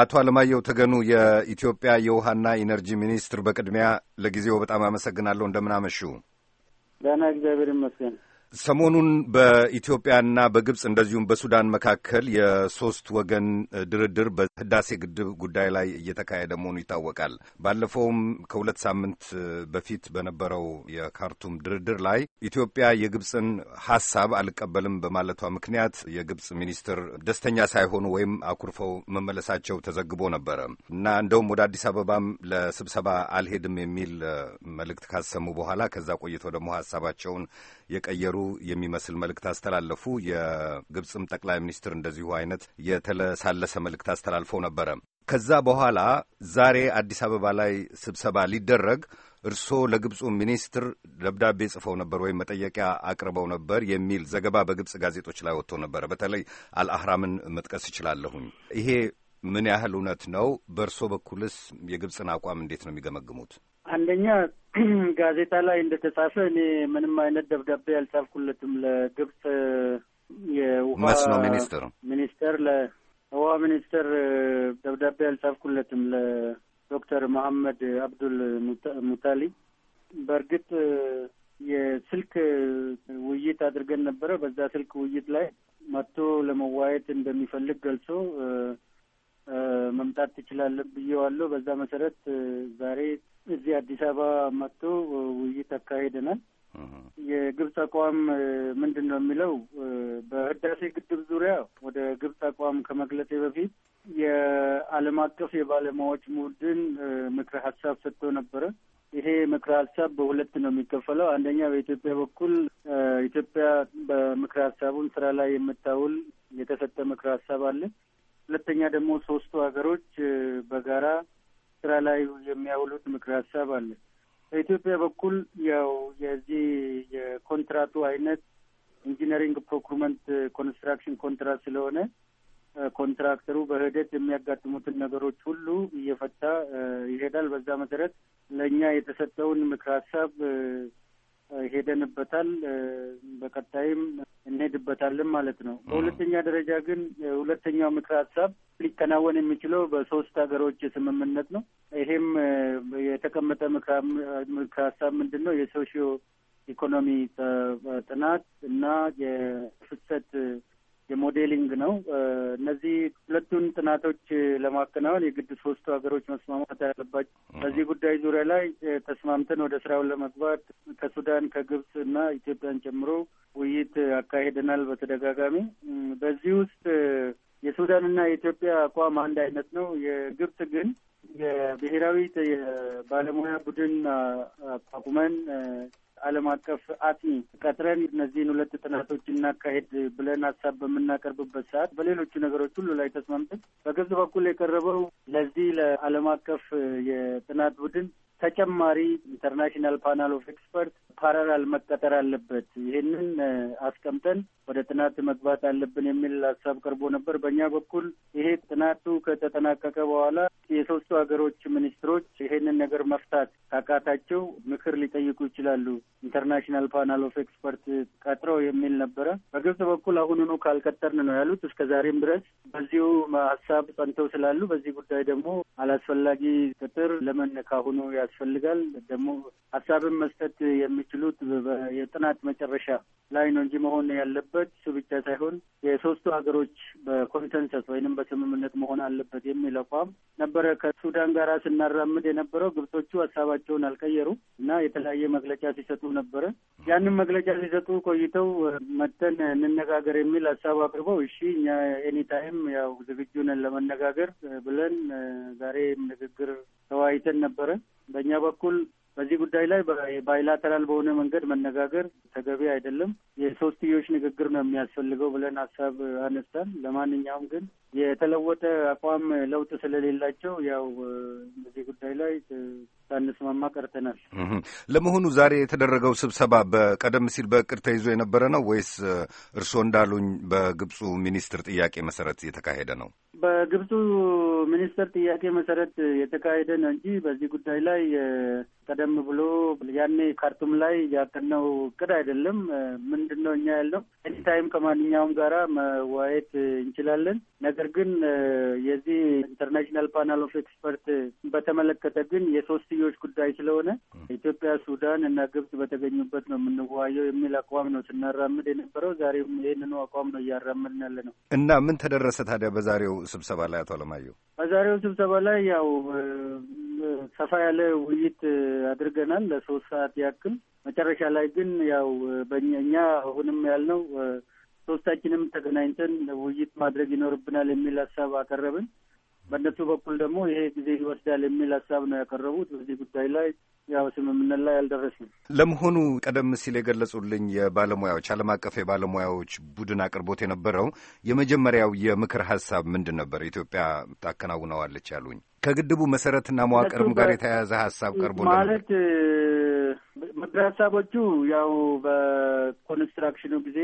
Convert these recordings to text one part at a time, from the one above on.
አቶ አለማየሁ ተገኑ የኢትዮጵያ የውሃና ኢነርጂ ሚኒስትር፣ በቅድሚያ ለጊዜው በጣም አመሰግናለሁ። እንደምን አመሹ? ደህና፣ እግዚአብሔር ይመስገን። ሰሞኑን በኢትዮጵያና በግብፅ እንደዚሁም በሱዳን መካከል የሶስት ወገን ድርድር በህዳሴ ግድብ ጉዳይ ላይ እየተካሄደ መሆኑ ይታወቃል። ባለፈውም ከሁለት ሳምንት በፊት በነበረው የካርቱም ድርድር ላይ ኢትዮጵያ የግብፅን ሀሳብ አልቀበልም በማለቷ ምክንያት የግብፅ ሚኒስትር ደስተኛ ሳይሆኑ ወይም አኩርፈው መመለሳቸው ተዘግቦ ነበረ እና እንደውም ወደ አዲስ አበባም ለስብሰባ አልሄድም የሚል መልእክት ካሰሙ በኋላ ከዛ ቆይቶ ደግሞ ሀሳባቸውን የቀየሩ የሚመስል መልእክት አስተላለፉ። የግብፅም ጠቅላይ ሚኒስትር እንደዚሁ አይነት የተለሳለሰ መልእክት አስተላልፈው ነበረ። ከዛ በኋላ ዛሬ አዲስ አበባ ላይ ስብሰባ ሊደረግ እርስዎ ለግብፁ ሚኒስትር ደብዳቤ ጽፈው ነበር ወይም መጠየቂያ አቅርበው ነበር የሚል ዘገባ በግብፅ ጋዜጦች ላይ ወጥቶ ነበረ። በተለይ አልአህራምን መጥቀስ እችላለሁኝ። ይሄ ምን ያህል እውነት ነው? በእርሶ በኩልስ የግብፅን አቋም እንዴት ነው የሚገመግሙት? አንደኛ ጋዜጣ ላይ እንደተጻፈ እኔ ምንም አይነት ደብዳቤ አልጻፍኩለትም ለግብጽ የውሃ መስኖ ሚኒስትር ሚኒስተር ለውሃ ሚኒስተር ደብዳቤ አልጻፍኩለትም ለዶክተር መሐመድ አብዱል ሙታሊ። በእርግጥ የስልክ ውይይት አድርገን ነበረ። በዛ ስልክ ውይይት ላይ መጥቶ ለመዋየት እንደሚፈልግ ገልጾ መምጣት ትችላለን ብዬዋለሁ። በዛ መሰረት ዛሬ እዚህ አዲስ አበባ መጥቶ ውይይት አካሄደናል። የግብፅ አቋም ምንድን ነው የሚለው በህዳሴ ግድብ ዙሪያ ወደ ግብፅ አቋም ከመግለጼ በፊት የዓለም አቀፍ የባለሙያዎች ቡድን ምክረ ሀሳብ ሰጥቶ ነበረ። ይሄ ምክረ ሀሳብ በሁለት ነው የሚከፈለው። አንደኛ በኢትዮጵያ በኩል ኢትዮጵያ በምክረ ሀሳቡን ስራ ላይ የምታውል የተሰጠ ምክረ ሀሳብ አለ። ሁለተኛ ደግሞ ሶስቱ ሀገሮች በጋራ ስራ ላይ የሚያውሉት ምክር ሀሳብ አለ። በኢትዮጵያ በኩል ያው የዚህ የኮንትራቱ አይነት ኢንጂነሪንግ ፕሮኩርመንት ኮንስትራክሽን ኮንትራት ስለሆነ ኮንትራክተሩ በሂደት የሚያጋጥሙትን ነገሮች ሁሉ እየፈታ ይሄዳል። በዛ መሰረት ለእኛ የተሰጠውን ምክር ሀሳብ ሄደንበታል። በቀጣይም እንሄድበታለን ማለት ነው። በሁለተኛ ደረጃ ግን ሁለተኛው ምክረ ሀሳብ ሊከናወን የሚችለው በሶስት ሀገሮች ስምምነት ነው። ይሄም የተቀመጠ ምክረ ሀሳብ ምንድን ነው? የሶሽዮ ኢኮኖሚ ጥናት እና የፍሰት የሞዴሊንግ ነው። እነዚህ ሁለቱን ጥናቶች ለማከናወን የግድ ሶስቱ ሀገሮች መስማማት ያለባቸው። በዚህ ጉዳይ ዙሪያ ላይ ተስማምተን ወደ ስራውን ለመግባት ከሱዳን ከግብጽ እና ኢትዮጵያን ጨምሮ ውይይት አካሄደናል በተደጋጋሚ በዚህ ውስጥ የሱዳንና የኢትዮጵያ አቋም አንድ አይነት ነው። የግብጽ ግን የብሔራዊ የባለሙያ ቡድን አቋቁመን ዓለም አቀፍ አጥኚ ቀጥረን እነዚህን ሁለት ጥናቶች እናካሄድ ብለን ሀሳብ በምናቀርብበት ሰዓት በሌሎቹ ነገሮች ሁሉ ላይ ተስማምተን በግብጽ በኩል የቀረበው ለዚህ ለዓለም አቀፍ የጥናት ቡድን ተጨማሪ ኢንተርናሽናል ፓናል ኦፍ ኤክስፐርት ፓራላል መቀጠር አለበት፣ ይህንን አስቀምጠን ወደ ጥናት መግባት አለብን የሚል ሀሳብ ቀርቦ ነበር። በእኛ በኩል ይሄ ጥናቱ ከተጠናቀቀ በኋላ የሶስቱ ሀገሮች ሚኒስትሮች ይሄንን ነገር መፍታት ካቃታቸው ምክር ሊጠይቁ ይችላሉ፣ ኢንተርናሽናል ፓናል ኦፍ ኤክስፐርት ቀጥረው የሚል ነበረ። በግብጽ በኩል አሁኑኑ ካልቀጠርን ነው ያሉት። እስከ ዛሬም ድረስ በዚሁ ሀሳብ ጸንተው ስላሉ በዚህ ጉዳይ ደግሞ አላስፈላጊ ቅጥር ለመነካሁኑ ያስፈልጋል። ደግሞ ሀሳብን መስጠት የሚችሉት የጥናት መጨረሻ ላይ ነው እንጂ መሆን ያለበት እሱ ብቻ ሳይሆን የሶስቱ ሀገሮች በኮንሰንሰስ ወይንም በስምምነት መሆን አለበት የሚል አቋም ነበረ። ከሱዳን ጋር ስናራምድ የነበረው ግብጾቹ ሀሳባቸውን አልቀየሩ እና የተለያየ መግለጫ ሲሰጡ ነበረ። ያንን መግለጫ ሲሰጡ ቆይተው መተን እንነጋገር የሚል ሀሳብ አቅርበው እሺ እኛ ኤኒታይም ያው ዝግጁ ነን ለመነጋገር ብለን ዛሬ ንግግር ተወያይተን ነበረ። በእኛ በኩል በዚህ ጉዳይ ላይ ባይላተራል በሆነ መንገድ መነጋገር ተገቢ አይደለም። የሶስትዮሽ ንግግር ነው የሚያስፈልገው ብለን ሀሳብ አነሳን። ለማንኛውም ግን የተለወጠ አቋም ለውጥ ስለሌላቸው ያው በዚህ ጉዳይ ላይ ሳንስማማ ቀርተናል። ለመሆኑ ዛሬ የተደረገው ስብሰባ በቀደም ሲል በእቅድ ተይዞ የነበረ ነው ወይስ እርስዎ እንዳሉኝ በግብፁ ሚኒስትር ጥያቄ መሰረት የተካሄደ ነው? በግብፁ ሚኒስትር ጥያቄ መሰረት የተካሄደ ነው እንጂ በዚህ ጉዳይ ላይ ቀደም ብሎ ያኔ ካርቱም ላይ ያቀነው እቅድ አይደለም። ምንድን ነው እኛ ያለው ኤኒታይም ከማንኛውም ጋራ መዋየት እንችላለን። ነገር ግን የዚህ ኢንተርናሽናል ፓናል ኦፍ ኤክስፐርት በተመለከተ ግን የሶስት የሁለትዮሽ ጉዳይ ስለሆነ ኢትዮጵያ፣ ሱዳን እና ግብጽ በተገኙበት ነው የምንዋየው የሚል አቋም ነው ስናራምድ የነበረው። ዛሬም ይህንኑ አቋም ነው እያራምድን ያለ ነው እና ምን ተደረሰ ታዲያ በዛሬው ስብሰባ ላይ አቶ አለማየሁ? በዛሬው ስብሰባ ላይ ያው ሰፋ ያለ ውይይት አድርገናል ለሶስት ሰዓት ያክል። መጨረሻ ላይ ግን ያው በእኛ አሁንም ያልነው ሶስታችንም ተገናኝተን ውይይት ማድረግ ይኖርብናል የሚል ሀሳብ አቀረብን። በእነሱ በኩል ደግሞ ይሄ ጊዜ ይወስዳል የሚል ሀሳብ ነው ያቀረቡት። በዚህ ጉዳይ ላይ ያው ስምምነት ላይ አልደረስም። ለመሆኑ ቀደም ሲል የገለጹልኝ የባለሙያዎች ዓለም አቀፍ የባለሙያዎች ቡድን አቅርቦት የነበረው የመጀመሪያው የምክር ሀሳብ ምንድን ነበር? ኢትዮጵያ ታከናውነዋለች ያሉኝ ከግድቡ መሰረትና መዋቅርም ጋር የተያያዘ ሀሳብ ቀርቦ ማለት ምክር ሀሳቦቹ ያው በኮንስትራክሽኑ ጊዜ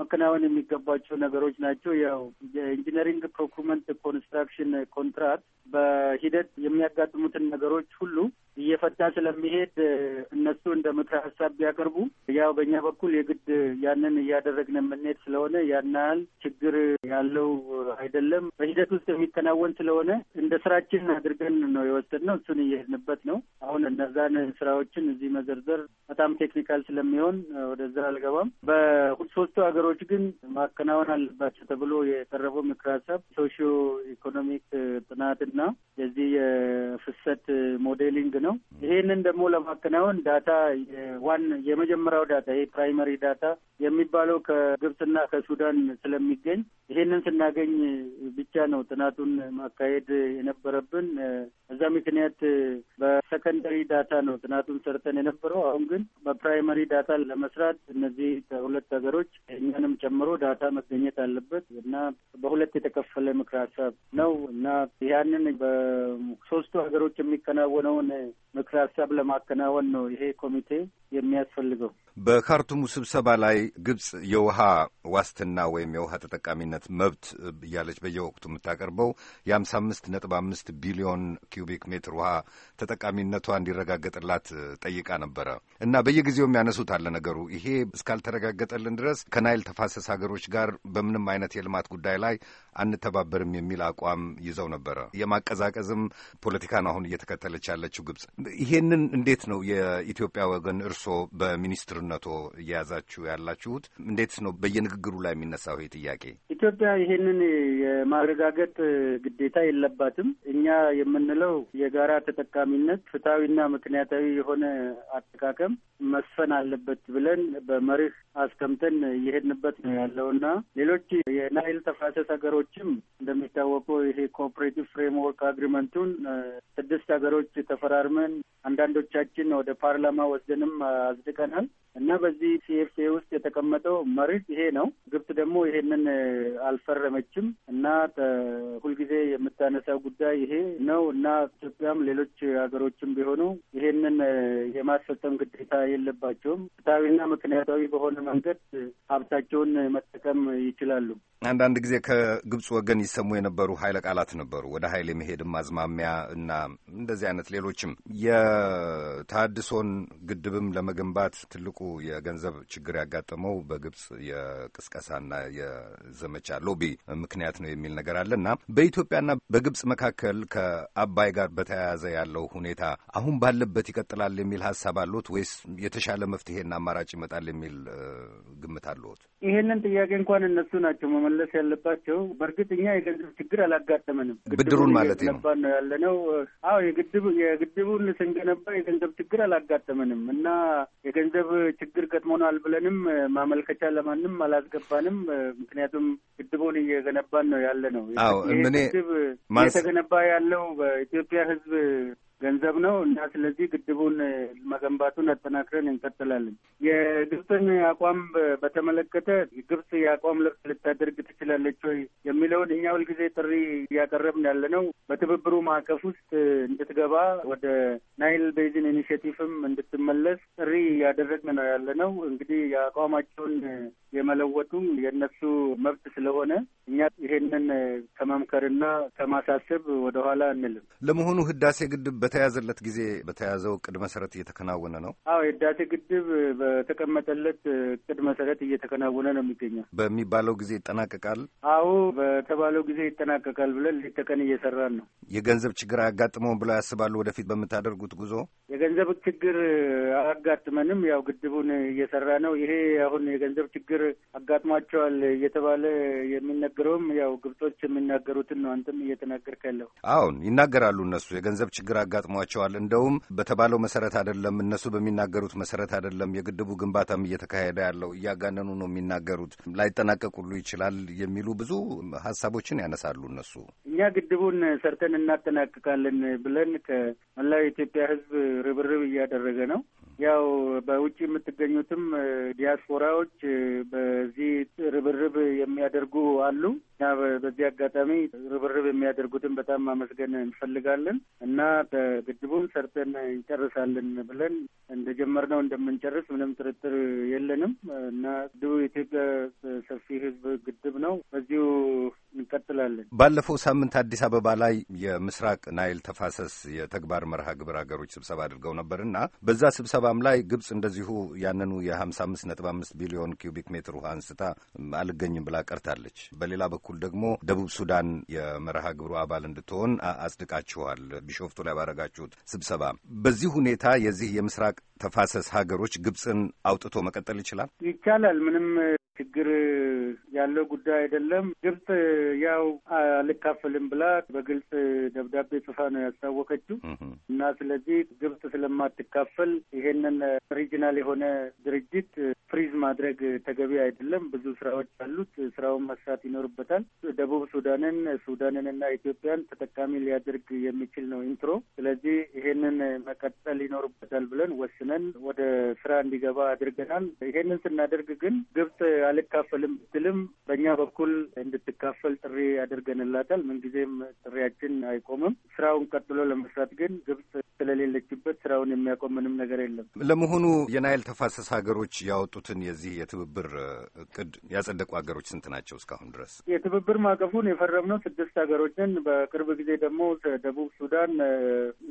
መከናወን የሚገባቸው ነገሮች ናቸው። ያው የኢንጂነሪንግ ፕሮኩርመንት ኮንስትራክሽን ኮንትራት በሂደት የሚያጋጥሙትን ነገሮች ሁሉ እየፈታ ስለሚሄድ እነሱ እንደ ምክረ ሀሳብ ቢያቀርቡ ያው በእኛ በኩል የግድ ያንን እያደረግን የምንሄድ ስለሆነ ያን ያህል ችግር ያለው አይደለም። በሂደት ውስጥ የሚከናወን ስለሆነ እንደ ስራችን አድርገን ነው የወሰድነው። እሱን እየሄድንበት ነው። አሁን እነዛን ስራዎችን እዚህ መዘርዘር በጣም ቴክኒካል ስለሚሆን ወደዛ አልገባም። በሶስቱ ሀገ ነገሮች ግን ማከናወን አለባቸው ተብሎ የቀረበው ምክር ሀሳብ ሶሺዮ ኢኮኖሚክ ጥናትና የዚህ የፍሰት ሞዴሊንግ ነው። ይሄንን ደግሞ ለማከናወን ዳታ ዋን የመጀመሪያው ዳታ ይሄ ፕራይመሪ ዳታ የሚባለው ከግብፅና ከሱዳን ስለሚገኝ ይሄንን ስናገኝ ብቻ ነው ጥናቱን ማካሄድ የነበረብን። እዛ ምክንያት በሰከንደሪ ዳታ ነው ጥናቱን ሰርተን የነበረው። አሁን ግን በፕራይመሪ ዳታ ለመስራት እነዚህ ከሁለት ሀገሮች የእኛንም ጨምሮ ዳታ መገኘት አለበት እና በሁለት የተከፈለ ምክር ሀሳብ ነው እና ያንን በሶስቱ ሀገሮች የሚከናወነውን ምክር ሀሳብ ለማከናወን ነው ይሄ ኮሚቴ የሚያስፈልገው። በካርቱሙ ስብሰባ ላይ ግብጽ የውሃ ዋስትና ወይም የውሃ ተጠቃሚነት መብት እያለች በየወቅቱ የምታቀርበው የሀምሳ አምስት ነጥብ አምስት ቢሊዮን ኪዩቢክ ሜትር ውሃ ተጠቃሚነቷ እንዲረጋገጥላት ጠይቃ ነበረ እና በየጊዜው የሚያነሱት አለ ነገሩ ይሄ እስካልተረጋገጠልን ድረስ ከናይል ተፋሰስ ሀገሮች ጋር በምንም አይነት የልማት ጉዳይ ላይ አንተባበርም የሚል አቋም ይዘው ነበረ። የማቀዛቀዝም ፖለቲካን አሁን እየተከተለች ያለችው ግብጽ ይሄንን እንዴት ነው የኢትዮጵያ ወገን እርስዎ በሚኒስትርነቶ እየያዛችሁ ያላችሁት? እንዴት ነው በየንግግሩ ላይ የሚነሳው ይሄ ጥያቄ? ኢትዮጵያ ይሄንን የማረጋገጥ ግዴታ የለባትም። እኛ የምንለው የጋራ ተጠቃሚነት ፍትሐዊና ምክንያታዊ የሆነ አጠቃቀም መስፈን አለበት ብለን በመርህ አስቀምጠን እየሄድንበት ነው ያለውና ሌሎች የናይል ተፋሰስ ሀገሮችም እንደሚታወቀው ይሄ ኮኦፕሬቲቭ ፍሬምወርክ አግሪመንቱን ስድስት ሀገሮች ተፈራርመን አቅርበን አንዳንዶቻችን ወደ ፓርላማ ወስደንም አጽድቀናል እና በዚህ ሲኤፍኤ ውስጥ የተቀመጠው መርህ ይሄ ነው። ግብጽ ደግሞ ይሄንን አልፈረመችም እና ሁልጊዜ የምታነሳው ጉዳይ ይሄ ነው እና ኢትዮጵያም ሌሎች ሀገሮችም ቢሆኑ ይሄንን የማስፈጸም ግዴታ የለባቸውም። ፍትሐዊና ምክንያታዊ በሆነ መንገድ ሀብታቸውን መጠቀም ይችላሉ። አንዳንድ ጊዜ ከግብጽ ወገን ይሰሙ የነበሩ ኃይለ ቃላት ነበሩ። ወደ ኃይል የመሄድም አዝማሚያ እና እንደዚህ አይነት ሌሎችም የታድሶን ግድብም ለመገንባት ትልቁ የገንዘብ ችግር ያጋጠመው በግብጽ የቅስቀሳና የዘመቻ ሎቢ ምክንያት ነው የሚል ነገር አለ እና በኢትዮጵያና በግብጽ መካከል ከአባይ ጋር በተያያዘ ያለው ሁኔታ አሁን ባለበት ይቀጥላል የሚል ሀሳብ አለት ወይስ የተሻለ መፍትሄና አማራጭ ይመጣል የሚል ግምት አለት? ይህንን ጥያቄ እንኳን እነሱ ናቸው መመለስ ያለባቸው። በእርግጥ እኛ የገንዘብ ችግር አላጋጠመንም። ብድሩን ማለት ነው ነው ያለነው። አዎ የግድቡን ስንገነባ የገንዘብ ችግር አላጋጠመንም እና የገንዘብ ችግር ገጥሞናል ብለንም ማመልከቻ ለማንም አላስገባንም። ምክንያቱም ግድቡን እየገነባን ነው ያለ ነው። ይህ ግድብ እየተገነባ ያለው በኢትዮጵያ ሕዝብ ገንዘብ ነው እና ስለዚህ ግድቡን መገንባቱን አጠናክረን እንቀጥላለን። የግብፅን አቋም በተመለከተ ግብፅ የአቋም ለውጥ ልታደርግ ትችላለች ወይ የሚለውን እኛ ሁልጊዜ ጥሪ እያቀረብን ያለ ነው። በትብብሩ ማዕቀፍ ውስጥ እንድትገባ ወደ ናይል ቤዝን ኢኒሽቲቭም እንድትመለስ ጥሪ እያደረግን ነው ያለ ነው። እንግዲህ የአቋማቸውን የመለወጡም የእነሱ መብት ስለሆነ እኛ ይሄንን ከመምከርና ከማሳሰብ ወደኋላ አንልም። ለመሆኑ ህዳሴ ግድብ በተያዘለት ጊዜ በተያዘው እቅድ መሰረት እየተከናወነ ነው? አዎ ህዳሴ ግድብ በተቀመጠለት እቅድ መሰረት እየተከናወነ ነው የሚገኘው። በሚባለው ጊዜ ይጠናቀቃል? አዎ በተባለው ጊዜ ይጠናቀቃል ብለን ሌት ተቀን እየሰራን ነው። የገንዘብ ችግር አያጋጥመውን ብለው ያስባሉ? ወደፊት በምታደርጉት ጉዞ የገንዘብ ችግር አያጋጥመንም። ያው ግድቡን እየሰራ ነው። ይሄ አሁን የገንዘብ ችግር አጋጥሟቸዋል እየተባለ የሚነገረውም ያው ግብጾች የሚናገሩትን ነው። አንተም እየተናገርክ ያለው አሁን ይናገራሉ። እነሱ የገንዘብ ችግር አጋጥሟቸዋል። እንደውም በተባለው መሰረት አይደለም፣ እነሱ በሚናገሩት መሰረት አይደለም የግድቡ ግንባታም እየተካሄደ ያለው እያጋነኑ ነው የሚናገሩት፣ ላይጠናቀቁሉ ይችላል የሚሉ ብዙ ሀሳቦችን ያነሳሉ። እነሱ እኛ ግድቡን ሰርተን እናጠናቅቃለን ብለን ከመላው የኢትዮጵያ ሕዝብ ርብርብ እያደረገ ነው። ያው በውጭ የምትገኙትም ዲያስፖራዎች በዚህ ርብርብ የሚያደርጉ አሉ እና በዚህ አጋጣሚ ርብርብ የሚያደርጉትን በጣም ማመስገን እንፈልጋለን እና ግድቡን ሰርተን እንጨርሳለን ብለን እንደጀመርነው እንደምንጨርስ ምንም ጥርጥር የለንም እና ግድቡ የኢትዮጵያ ሰፊ ሕዝብ ግድብ ነው። በዚሁ እንቀጥላለን። ባለፈው ሳምንት አዲስ አበባ ላይ የምስራቅ ናይል ተፋሰስ የተግባር መርሃ ግብር ሀገሮች ስብሰባ አድርገው ነበር እና በዛ ስብሰባም ላይ ግብጽ እንደዚሁ ያንኑ የሀምሳ አምስት ነጥብ አምስት ቢሊዮን ኪዩቢክ ሜትር ውሃ አንስታ አልገኝም ብላ ቀርታለች። በሌላ በኩል ደግሞ ደቡብ ሱዳን የመርሃ ግብሩ አባል እንድትሆን አጽድቃችኋል ቢሾፍቱ ላይ ባረጋችሁት ስብሰባ። በዚህ ሁኔታ የዚህ የምስራቅ ተፋሰስ ሀገሮች ግብጽን አውጥቶ መቀጠል ይችላል ይቻላል ምንም ችግር ያለው ጉዳይ አይደለም። ግብጽ ያው አልካፈልም ብላ በግልጽ ደብዳቤ ጽፋ ነው ያስታወቀችው እና ስለዚህ ግብጽ ስለማትካፈል ይሄንን ሪጂናል የሆነ ድርጅት ፍሪዝ ማድረግ ተገቢ አይደለም። ብዙ ስራዎች አሉት። ስራውን መስራት ይኖርበታል። ደቡብ ሱዳንን ሱዳንንና ኢትዮጵያን ተጠቃሚ ሊያደርግ የሚችል ነው ኢንትሮ። ስለዚህ ይሄንን መቀጠል ይኖርበታል ብለን ወስነን ወደ ስራ እንዲገባ አድርገናል። ይሄንን ስናደርግ ግን ግብጽ አልካፈልም ብትልም በእኛ በኩል እንድትካፈል ጥሪ ያደርገንላታል። ምንጊዜም ጥሪያችን አይቆምም። ስራውን ቀጥሎ ለመስራት ግን ግብጽ ስለሌለችበት ስራውን የሚያቆም ምንም ነገር የለም። ለመሆኑ የናይል ተፋሰስ ሀገሮች ያወጡትን የዚህ የትብብር እቅድ ያጸደቁ ሀገሮች ስንት ናቸው? እስካሁን ድረስ የትብብር ማዕቀፉን የፈረምነው ስድስት ሀገሮችን በቅርብ ጊዜ ደግሞ ደቡብ ሱዳን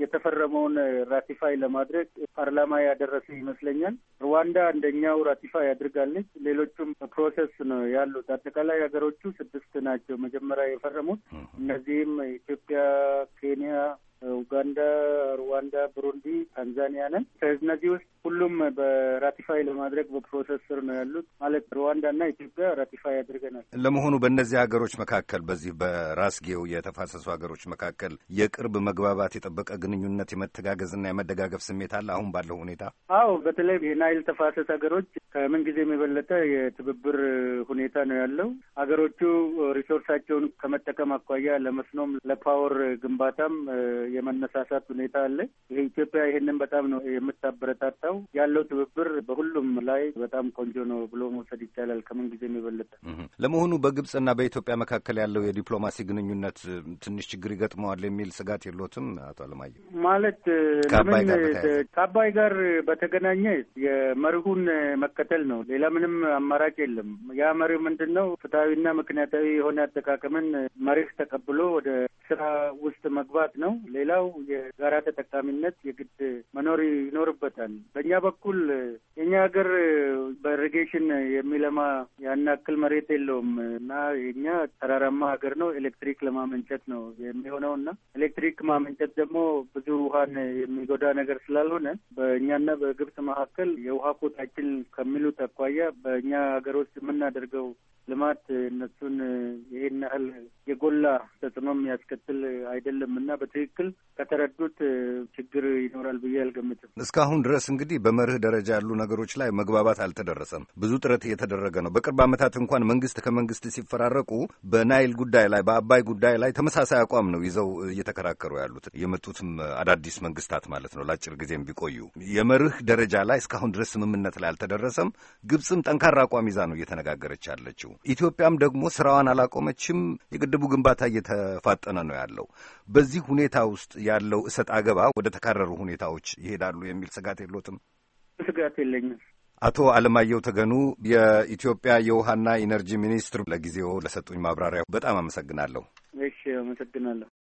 የተፈረመውን ራቲፋይ ለማድረግ ፓርላማ ያደረሰ ይመስለኛል። ሩዋንዳ አንደኛው ራቲፋይ አድርጋለች። ሌሎቹም ፕሮሰስ ነው ያሉት። አጠቃላይ ሀገሮቹ ስድስት ናቸው መጀመሪያ የፈረሙት። እነዚህም ኢትዮጵያ፣ ኬንያ ኡጋንዳ፣ ሩዋንዳ፣ ብሩንዲ፣ ታንዛኒያ ነን። ከእነዚህ ውስጥ ሁሉም በራቲፋይ ለማድረግ በፕሮሰስ ስር ነው ያሉት። ማለት እና ኢትዮጵያ ራቲፋይ አድርገናል። ለመሆኑ በእነዚህ ሀገሮች መካከል በዚህ በራስጌው የተፋሰሱ ሀገሮች መካከል የቅርብ መግባባት፣ የጠበቀ ግንኙነት፣ የመተጋገዝና የመደጋገፍ ስሜት አለ አሁን ባለው ሁኔታ? አዎ፣ በተለይ የናይል ተፋሰስ ሀገሮች ከምን ጊዜም የበለጠ የትብብር ሁኔታ ነው ያለው። ሀገሮቹ ሪሶርሳቸውን ከመጠቀም አኳያ ለመስኖም ለፓወር ግንባታም የመነሳሳት ሁኔታ አለ። ይሄ ኢትዮጵያ ይህንን በጣም ነው የምታበረታታው። ያለው ትብብር በሁሉም ላይ በጣም ቆንጆ ነው ብሎ መውሰድ ይቻላል፣ ከምን ጊዜም የበለጠ። ለመሆኑ በግብጽና በኢትዮጵያ መካከል ያለው የዲፕሎማሲ ግንኙነት ትንሽ ችግር ይገጥመዋል የሚል ስጋት የሎትም? አቶ አለማየሁ ማለት ለምን ከአባይ ጋር በተገናኘ የመርሁን መከተል ነው። ሌላ ምንም አማራጭ የለም። ያ መርህ ምንድን ነው? ፍትሐዊና ምክንያታዊ የሆነ አጠቃቀምን መርህ ተቀብሎ ወደ ስራ ውስጥ መግባት ነው። ሌላው የጋራ ተጠቃሚነት የግድ መኖር ይኖርበታል። በእኛ በኩል የእኛ ሀገር በኢሪጌሽን የሚለማ ያናክል መሬት የለውም እና የኛ ተራራማ ሀገር ነው። ኤሌክትሪክ ለማመንጨት ነው የሚሆነው እና ኤሌክትሪክ ማመንጨት ደግሞ ብዙ ውሃን የሚጎዳ ነገር ስላልሆነ በእኛና በግብጽ መካከል የውሃ ኮታችን ከሚሉት አኳያ በእኛ ሀገር ውስጥ የምናደርገው ልማት እነሱን ይህን ያህል የጎላ ተጽዕኖ የሚያስከትል አይደለም እና በትክክል ከተረዱት ችግር ይኖራል ብዬ አልገምትም። እስካሁን ድረስ እንግዲህ በመርህ ደረጃ ያሉ ነገሮች ላይ መግባባት አልተደረሰም። ብዙ ጥረት እየተደረገ ነው። በቅርብ ዓመታት እንኳን መንግስት ከመንግስት ሲፈራረቁ በናይል ጉዳይ ላይ በአባይ ጉዳይ ላይ ተመሳሳይ አቋም ነው ይዘው እየተከራከሩ ያሉት የመጡትም አዳዲስ መንግስታት ማለት ነው። ለአጭር ጊዜም ቢቆዩ የመርህ ደረጃ ላይ እስካሁን ድረስ ስምምነት ላይ አልተደረሰም። ግብፅም ጠንካራ አቋም ይዛ ነው እየተነጋገረች ያለችው። ኢትዮጵያም ደግሞ ስራዋን አላቆመችም። የግድቡ ግንባታ እየተፋጠነ ነው ያለው። በዚህ ሁኔታ ውስጥ ያለው እሰጥ አገባ ወደ ተካረሩ ሁኔታዎች ይሄዳሉ የሚል ስጋት የሎትም? ስጋት የለኝም። አቶ አለማየሁ ተገኑ የኢትዮጵያ የውሃና ኢነርጂ ሚኒስትር፣ ለጊዜው ለሰጡኝ ማብራሪያ በጣም አመሰግናለሁ። እሺ፣ አመሰግናለሁ።